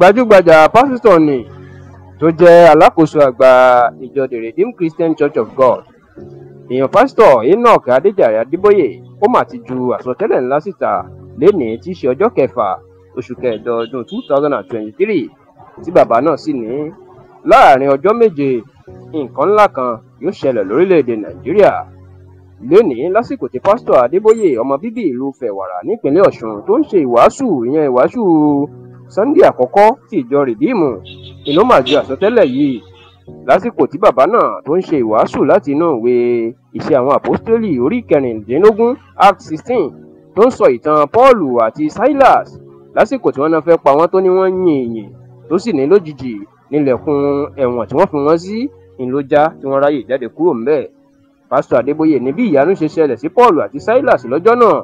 gbajúgbajà pásítọ̀ ni tó jẹ́ alákòóso àgbà ìjọ the redeemed christian church of god èèyàn pásítọ̀ enoch adéjàre adébóyè ó mà ti ju àsọtẹ́lẹ̀ ńlá síta lénìí tí í ṣe ọjọ́ kẹfà oṣù kẹẹ̀dọ́ ọdún two thousand and twenty three tí bàbá náà sì ní láàrin ọjọ́ méje nǹkan ńlá kan yóò ṣẹlẹ̀ lórílẹ̀‐èdè nàìjíríà lónìí lásìkò tí pásítọ̀ adébóyè ọmọ bíbí ìlú fẹ̀wàrà nípínlẹ̀ ọ̀ṣun tó ń ṣe ìwàásù ìyẹn ìwàásù sunday àkọ́kọ́ ti ìjọ rìdíìmù ìlú mà ju àsọtẹ́lẹ̀ yìí lásìkò tí bàbá náà tó ń ṣe ìwàásù láti inú ìwé ìṣe àwọn àpọ́stélì orí kẹrìndínlógún act sixteen tó ń sọ ìtàn paul àti silas lásìkò tí wọ́n náà fẹ́ pa wọ́n tó ní wọ́n yìn ìyìn tó sì ní lójijì nílẹ̀kùn ẹ̀wọ̀n tí wọ́n fi wọ́n sí ńlọjá tí wọ́n ráyè jáde kúrò ńbẹ̀ pásítọ̀ adébóyè ní bí ìyanu ṣe ṣẹlẹ̀ sí paul àti silas lọ́jọ́ náà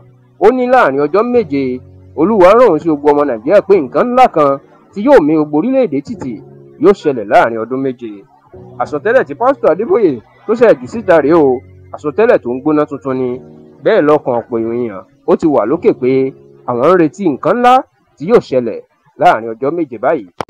ó ní láàrin ọjọ́ méje olúwarọ̀hún sí gbogbo ọmọ nàìjíríà pé nǹkan ńlá kan tí yóò mì gbogbo orílẹ̀-èdè tìtì yóò ṣẹlẹ̀ láàrin ọdún méje àsọtẹ́lẹ̀ tí pásítọ̀ adébóyè tó ṣẹ̀ jù síta rèé o àsọtẹ́lẹ̀ tó ń gbóná tuntun ni bẹ́ẹ̀ lọ́kàn ọ̀pọ̀ èèyàn ó ti wà lókè pé àwọn ń retí nǹkan ńlá tí yóò ṣẹlẹ̀ láàrin ọjọ́ méje báyìí